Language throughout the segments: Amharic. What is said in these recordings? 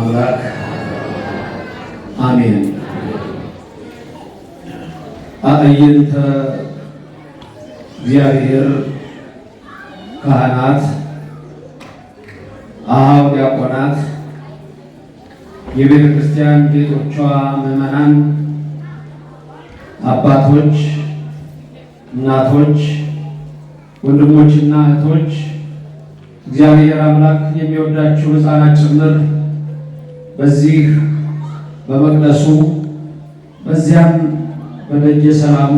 አምላክ አሜን። አእይንተ እግዚአብሔር ካህናት አሃው ዲያቆናት የቤተ ክርስቲያን ቤቶቿ ምዕመናን፣ አባቶች፣ እናቶች፣ ወንድሞችና እህቶች እግዚአብሔር አምላክ የሚወዳችሁ ሕፃናት ጭምር በዚህ በመቅደሱ በዚያም በደጀ ሰላሙ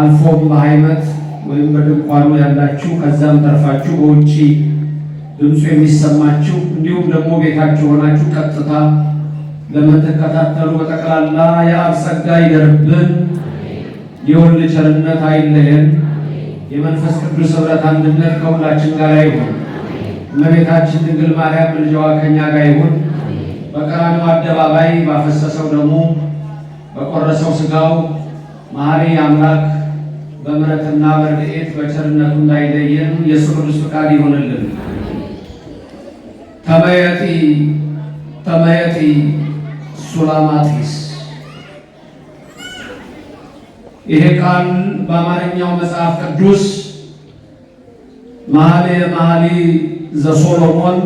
አልፎም በሃይመት ወይም በድንኳኑ ያላችሁ ከዛም ተርፋችሁ በውጭ ድምፁ የሚሰማችሁ እንዲሁም ደግሞ ቤታችሁ ሆናችሁ ቀጥታ ለምትከታተሉ በጠቅላላ የአብ ጸጋ ይደርብን፣ የወልድ ቸርነት አይለየን፣ የመንፈስ ቅዱስ ኅብረት አንድነት ከሁላችን ጋር ይሁን። እመቤታችን ድንግል ማርያም ልጇ ከእኛ ጋር ይሁን። በቀራንዮ አደባባይ ባፈሰሰው ደሙ በቆረሰው ስጋው መሐሪ አምላክ በምሕረትና በረድኤት በቸርነቱ እንዳይለየን የእሱ ቅዱስ ፈቃድ ይሆንልን። ተመየጢ ተመየጢ ሱላማቲስ ይሄ ቃል በአማርኛው መጽሐፍ ቅዱስ መኃልየ መኃልይ ዘሶሎሞን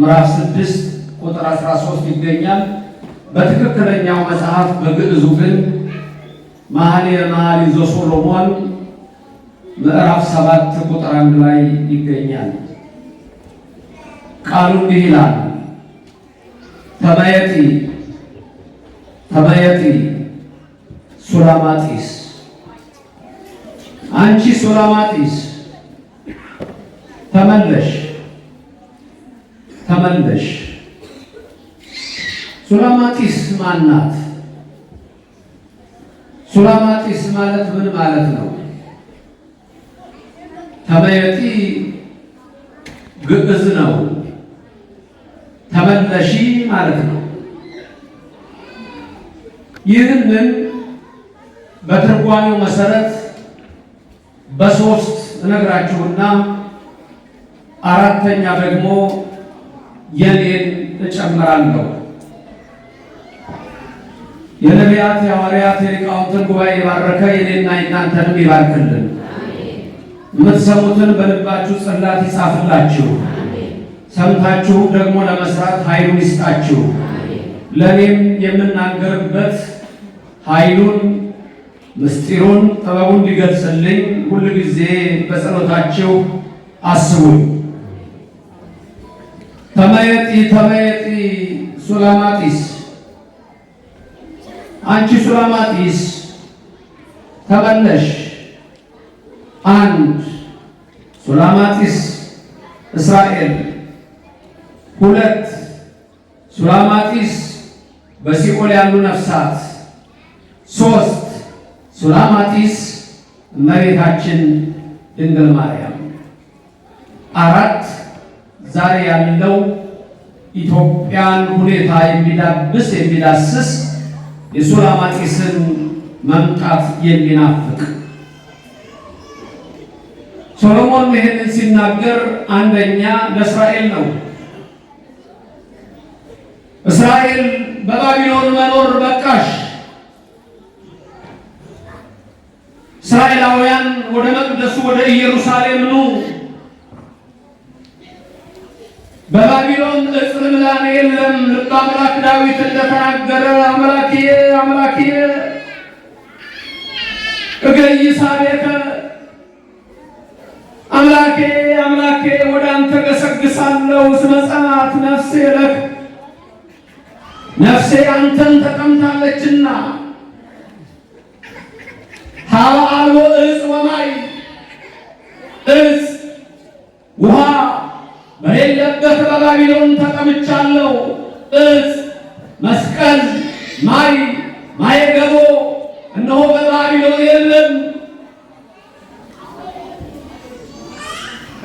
ምዕራፍ ስድስት ቁጥር 13 ይገኛል። በትክክለኛው መጽሐፍ በግዕዙ ግን መኃልየ መኃልይ ዘሶሎሞን ምዕራፍ 7 ቁጥር 1 ላይ ይገኛል። ቃሉ እንዲህ ይላል፣ ተመየጢ ተመየጢ ሱላማጢስ፣ አንቺ ሱላማጢስ ተመለሽ ተመለሽ ሱላማጢስ ማናት? ሱላማጢስ ማለት ምን ማለት ነው? ተመየጢ ግዕዝ ነው። ተመለሺ ማለት ነው። ይህንን በትርጓሜው መሰረት በሶስት እነግራችሁና አራተኛ ደግሞ የኔን እጨምራለሁ። የነቢያት የሐዋርያት የሊቃውንትን ጉባኤ የባረከ የኔና የእናንተንም ይባርክልን። የምትሰሙትን በልባችሁ ጽላት ይጻፍላችሁ። ሰምታችሁ ደግሞ ለመስራት ኃይሉን ይስጣችሁ። ለእኔም የምናገርበት ኃይሉን ምስጢሩን ጥበቡን እንዲገልጽልኝ ሁል ጊዜ በጸሎታችሁ አስቡኝ። ተመየጢ ተመየጢ ሱላማጢስ አንቺ ሱላማጢስ ተመለሽ። አንድ ሱላማጢስ እስራኤል፣ ሁለት ሱላማጢስ በሲኦል ያሉ ነፍሳት፣ ሶስት ሱላማጢስ እመቤታችን ድንግል ማርያም፣ አራት ዛሬ ያለው ኢትዮጵያን ሁኔታ የሚዳብስ የሚዳስስ የሱላማጢስን መምጣት የሚናፍቅ ሶሎሞን ይህንን ሲናገር አንደኛ ለእስራኤል ነው። እስራኤል በባቢሎን መኖር በቃሽ፣ እስራኤላውያን ወደ መቅደሱ ወደ ኢየሩሳሌም ኑ በባቢሎን እጽር ምላሜ የለም። ልበ አምላክ ዳዊት እንደተናገረ አምላክዬ አምላክዬ እገይሳ ቤከ አምላኬ አምላኬ ወደ አንተ ገሰግሳለሁ ስመጸናት ነፍሴ ለክ ነፍሴ አንተን ተቀምጣለችና ሀበ አልቦ እጽ ወማይ እጽ ውሃ በሌለ በሰንበት በባቢሎን ተቀምቻለሁ። እጽ፣ መስቀል፣ ማይ ማየገቦ እነሆ በባቢሎን የለም።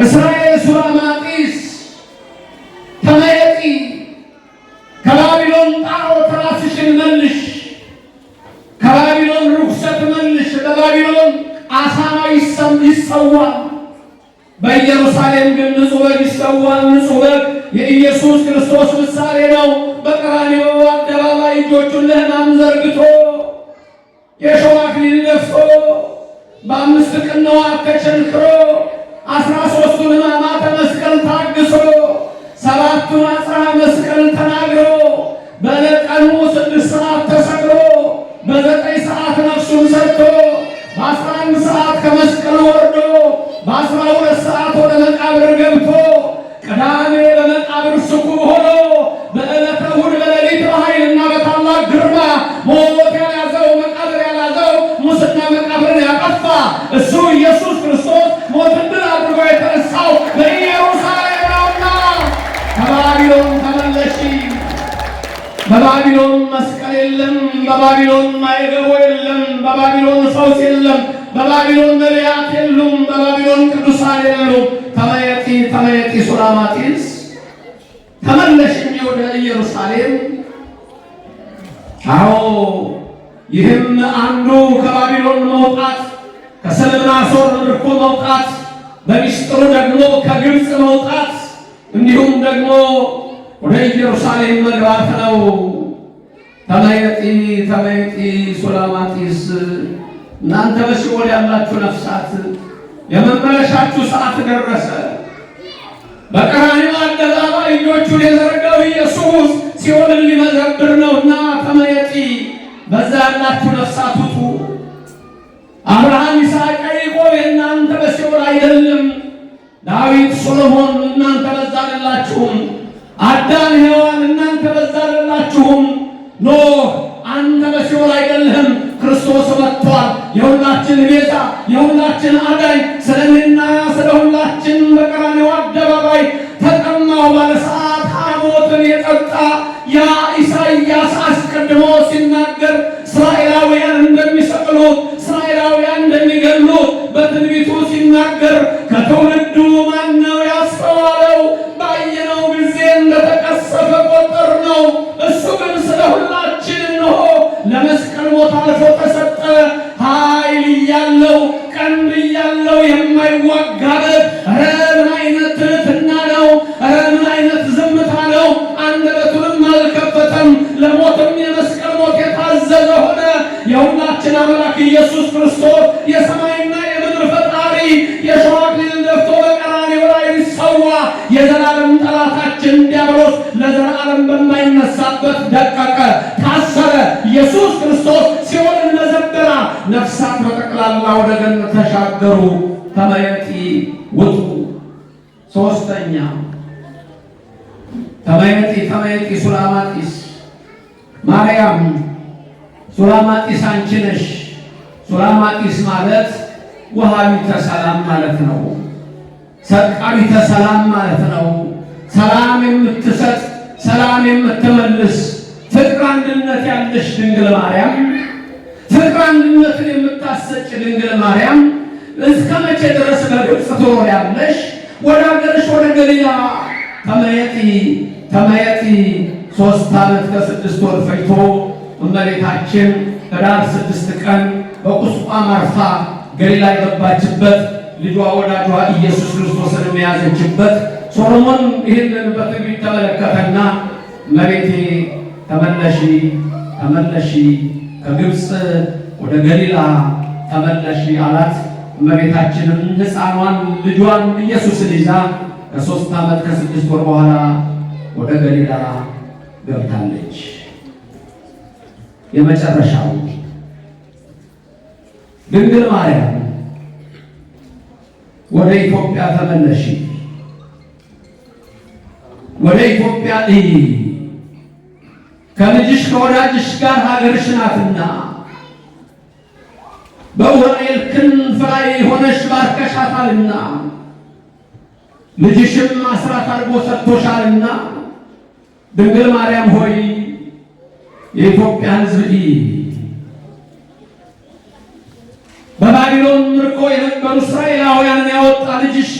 እስራኤል ሱራማጢስ ተመየጢ ከባቢሎን ጣዖት ራስሽን መልሽ፣ ከባቢሎን ርኩሰት መልሽ። በባቢሎን አሳማ ይሰዋል፣ በኢየሩሳሌም ግን ንጹሕ የሚሰዋን ንጹሕ በግ የኢየሱስ ክርስቶስ ምሳሌ ነው። በቀራንዮ አደባባይ እጆቹን ለሕማም ዘርግቶ የሾህ አክሊል ለብሶ በአምስት ቅንዋት ተቸንክሮ በባቢሎን መስቀል የለም፣ በባቢሎን ማይደቦ የለም፣ በባቢሎን ፈውስ የለም፣ በባቢሎን ነቢያት የሉም፣ በባቢሎን ቅዱሳን የሉም። ተመየጢ ተመየጢ ሱላማጢስ ተመለሽኝ ወደ ኢየሩሳሌም። አዎ ይህም አንዱ ከባቢሎን መውጣት ከሰልምናሶር ምርኮ መውጣት በሚስጥሩ ደግሞ ከግብፅ መውጣት እንዲሁም ደግሞ ወደ ኢየሩሳሌም መግባት ነው። ተመየጢ ተመየጢ ሱላማጢስ፣ እናንተ በሲኦል ያላችሁ ነፍሳት የመመለሻችሁ ሰዓት ደረሰ። በቀራንዮ አደባባይ እጆቹን የዘረጋው ኢየሱስ ሲኦልን ሊመዘብር ነውና ተመየጢ፣ በዛ ያላችሁ ነፍሳት ውጡ። አብርሃም፣ ይስሐቅ፣ ያዕቆብ የእናንተ በሲኦል አይደለም። ዳዊት፣ ሶሎሞን እናንተ በዛ አይደላችሁም። አዳም፣ ሔዋን እናንተ በዛ አይደላችሁም። ኖ አንተ በሲኦል አይደለህም፣ ክርስቶስ መጥቷል። የሁላችን ቤዛ፣ የሁላችን አዳኝ ስለእኔና ስለሁ ብያለው፣ ቀን ብያለው። የማይዋጋበት ኧረ ምን አይነት ትህትና ነው! ኧረ ምን አይነት ዝምታ ነው! አንደበቱንም አልከፈተም። ለሞትም የመስቀል ሞት የታዘዘ ሆነ። የሁላችን አምላክ ኢየሱስ ክርስቶስ የሰማይና የምድር ፈጣሪ የሾህ አክሊልን ደፍቶ በቀራንዮ ላይ ሊሰዋ የዘላለም ጠላታችን ዲያብሎስ ለዘላለም በማይነሳበት ደቀቀ። ጠላ ወደ ገነት ተሻገሩ ተመየጢ ውጡ። ሶስተኛ ተመየጢ ተመየጢ ሱላማጢስ ማርያም ሱላማጢስ አንቺ ነሽ። ሱላማጢስ ማለት ውሃቢተ ሰላም ማለት ነው። ሰቃቢተ ሰላም ማለት ነው። ሰላም የምትሰጥ ሰላም የምትመልስ ፍቅር አንድነት ያለሽ ድንግል ማርያም ፍቅር አንድነትን የምታሰጭ ድንግል ማርያም እስከ መቼ ድረስ በግብፅ ትኖሪያለሽ? ወደ ሀገርሽ ወደ ገሊላ ተመየጢ ተመየጢ። ሶስት ዓመት ከስድስት ወር ፈጅቶ እመቤታችን ህዳር ስድስት ቀን በቁስቋም አርፋ ገሊላ የገባችበት ልጇ ወዳጇ ኢየሱስ ክርስቶስን የያዘችበት ሶሎሞን ይህንን በትዕቢት ተመለከተና መሬቴ ተመለሺ ተመለሺ ከግብፅ ወደ ገሊላ ተመለሽ አላት። እመቤታችንም ሕፃኗን ልጇን ኢየሱስን ይዛ ከሶስት ዓመት ከስድስት ወር በኋላ ወደ ገሊላ ገብታለች። የመጨረሻው ድንግል ማርያም ወደ ኢትዮጵያ ተመለሽ፣ ወደ ኢትዮጵያ ከልጅሽ ከወዳጅሽ ጋር ሀገርሽ ናትና በኡራኤል ክንፍ ላይ ሆነሽ ባርከሻታልና ልጅሽም አስራት አድርጎ ሰጥቶሻልና ድንግል ማርያም ሆይ የኢትዮጵያ ሕዝብ በባቢሎን ምርኮ የነበሩ እስራኤላውያንን ያወጣ ልጅሽ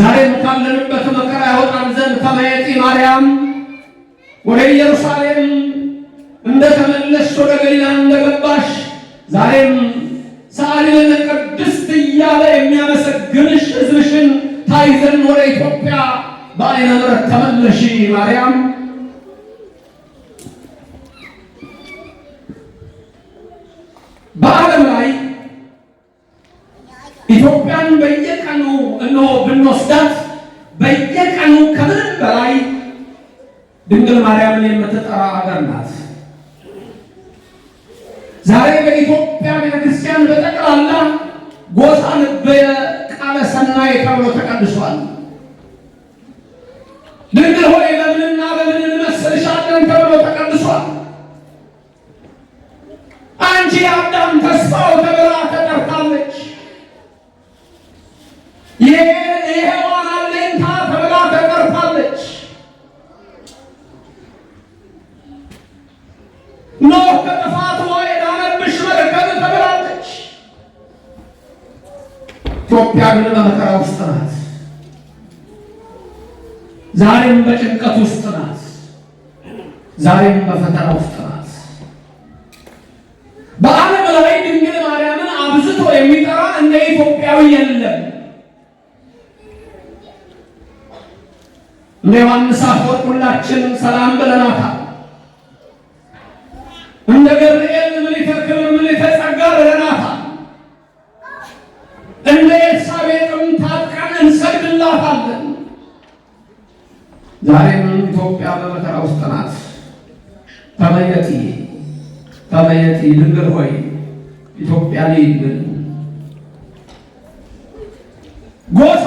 ዛሬም ካለንበት መከራ ያወጣን ዘንድ ከማየጢ ማርያም ወደ ኢየሩሳሌም እንደተመለስሽ ወደ ገሊላ እንደገባሽ ዛሬም ሰዓሊ ለነ እያለ የሚያመሰግንሽ ሕዝብሽን ታይዘን ወደ ኢትዮጵያ በዓይነ ምሕረት ተመለሺ ማርያም። በዓለም ላይ ኢትዮጵያን በየቀኑ እነሆ ብንወስዳት በየቀኑ ከምንም በላይ ድንግል ማርያምን የምትጠራ ሀገር ናት። ዛሬ በኢትዮጵያ ቤተክርስቲያን በጠቅላላ ጎሳን በቃለ ሰናይ ተብሎ ተቀድሷል። ድንግል ሆይ በምንና በምን እንመስልሻለን ተብሎ ተቀድሷል። አንቺ አዳም ተስፋው ተብላ ተጠርታለች። ይሄ ሔዋን ግን በመከራ ውስጥ ናት። ዛሬም በጭንቀት ውስጥ ናት። ዛሬም በፈተና ውስጥ ናት። በዓለም ላይ ድንግል ማርያምን አብዝቶ የሚጠራ እንደ ኢትዮጵያዊ የለም። እንደ ዮሐንስ አፈወርቅ ሁላችንም ሰላም ብለናታል። እንደ ገብርኤል ዛሬም ኢትዮጵያ በመከራ ውስጥ ናት። ተመየጢ ተመየጢ ድንግል ሆይ ኢትዮጵያ ልይልን ጎሳ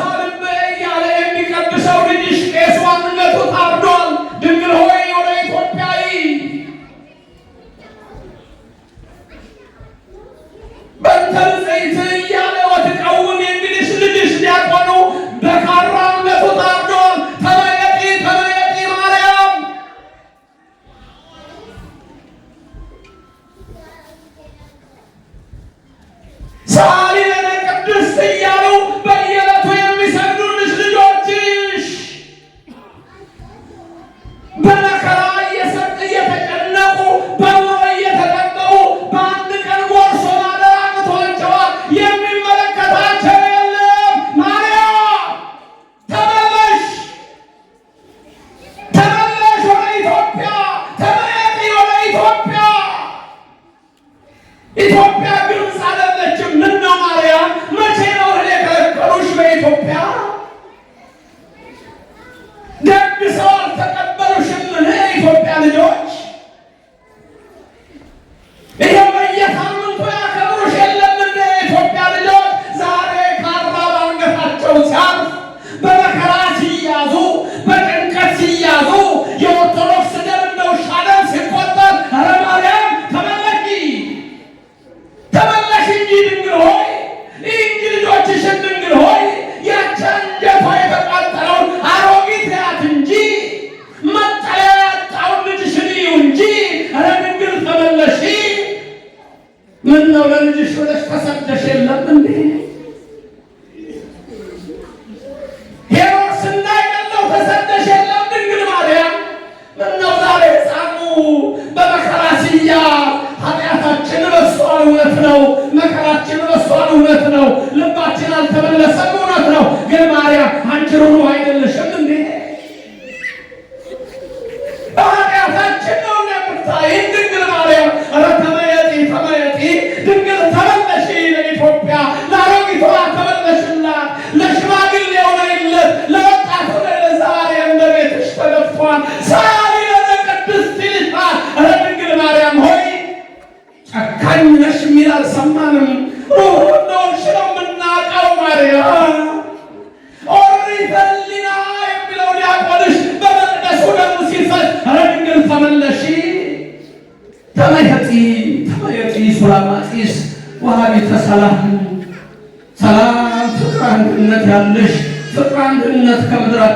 እውነት ነው። ልባችን አልተመለሰም፣ እውነት ነው። ግን ማርያም አንቺ ሩሩ አይደለሽም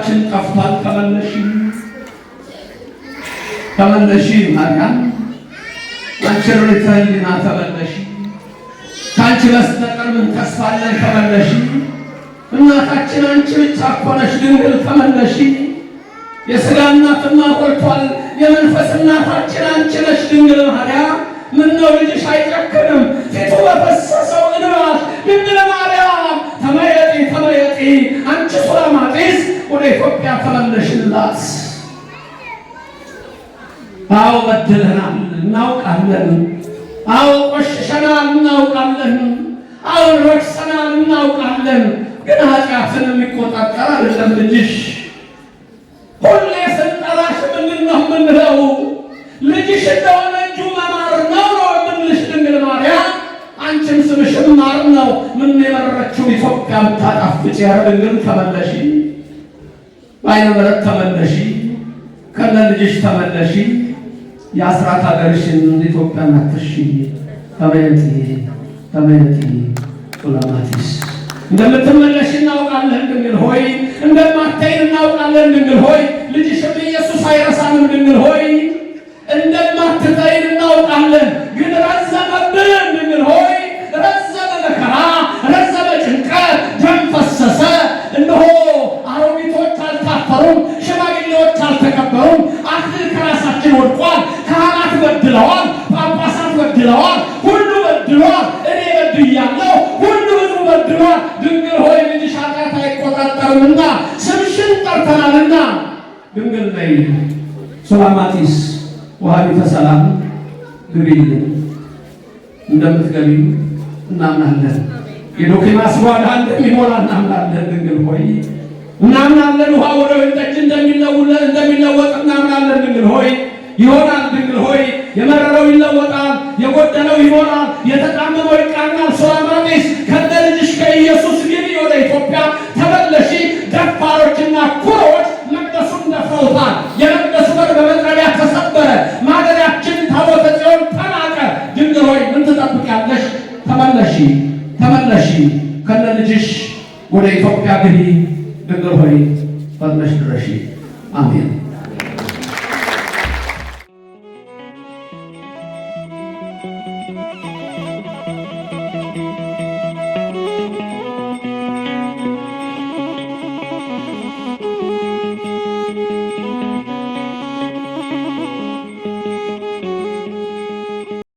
ሀገራችን ጠፍቷል። ተመለሽ ተመለሽ፣ ማርያም አንቺ ርትህልና ተመለሽ። ከአንቺ በስተቀር ምን ተስፋ አለን? ተመለሽ እናታችን አንቺ ብቻ እኮ ነሽ ድንግል፣ ተመለሽ። የሥጋ እናትማ ቆልቷል። የመንፈስ እናታችን አንቺ ነሽ ድንግል ማርያም። ምነው ልጅሽ አይጨክንም ፊቱ በፈሰሰው እንባ ድንግል ማርያም ተመየጢ ተመየጢ አንቺ ሱላማጢስ ወደ ኢትዮጵያ ተመለሽላት። አዎ በድለናል፣ እናውቃለን። አዎ ቆሽሸናል፣ እናውቃለን። አዎ ረክሰናል፣ እናውቃለን። ግን ኃጢአትን የሚቆጣጠር አይደለም ልጅሽ። ሁሌ ስንጠራሽ ምንድን ነው የምንለው? ልጅሽ እንደሆነ እጁ መማር ነው ነው የምንልሽ። ድንግል ማርያም አንቺም ስምሽም ማር ነው። ምን የመረችው ኢትዮጵያ የምታጣፍጭ ያረ ድንግል ተመለሽ በዓይነ ምሕረት ተመለሺ፣ ከነ ልጅሽ ተመለሺ፣ የአስራት ሀገርሽን ኢትዮጵያ አትርሺ። ተመየጢ ተመየጢ ጡለማቲስ እንደምትመለሽ እናውቃለን እንድንል ሆይ እንደማታይ እናውቃለን እንድንል ሆይ ልጅሽም ኢየሱስ አይረሳንም እንድንል ሆይ እንደማትታይን እናውቃለን ግን ረዘመብን እንድንል ሆይ በድለዋል። ካህናት በድለዋል። ጳጳሳት በድለዋል። ሁሉ በድሏል። እኔ በድያለሁ። ሁሉ ህዝቡ በድሏል። ድንግል ሆይ ልጅሽ ኃጢአት አይቆጣጠርምና ስምሽን ጠርተናልና ድንግል ነይ። ሱላማጢስ ወሃቢተ ሰላም ግቢል እንደምትገቢ እናምናለን። የዶኪማስ ጓዳ እንደሚሞላ እናምናለን። ድንግል ሆይ እናምናለን። ውሃ ወደ ወይን ጠጅ እንደሚለወጥ እናምናለን። ድንግል ሆይ ይሆናል ድንግል ሆይ የመረረው ይለወጣል፣ የጎደለው ይሆናል፣ የተጣመመው ይቃናል። ሶላማጤስ ከነ ልጅሽ ከኢየሱስ ግን ወደ ኢትዮጵያ ተመለሺ። ደፋሮችና ኩሮዎች መቅደሱን ደፍረውታል። የመቅደሱ በር በመጥረቢያ ተሰበረ። ማደሪያችን ታቦተ ጽዮን ተናቀ። ድንግል ሆይ ምን ትጠብቂያለሽ? ተመለሺ፣ ተመለሺ፣ ከነ ልጅሽ ወደ ኢትዮጵያ ግቢ። ድንግል ሆይ ፈጥነሽ ድረሺ። አሜን።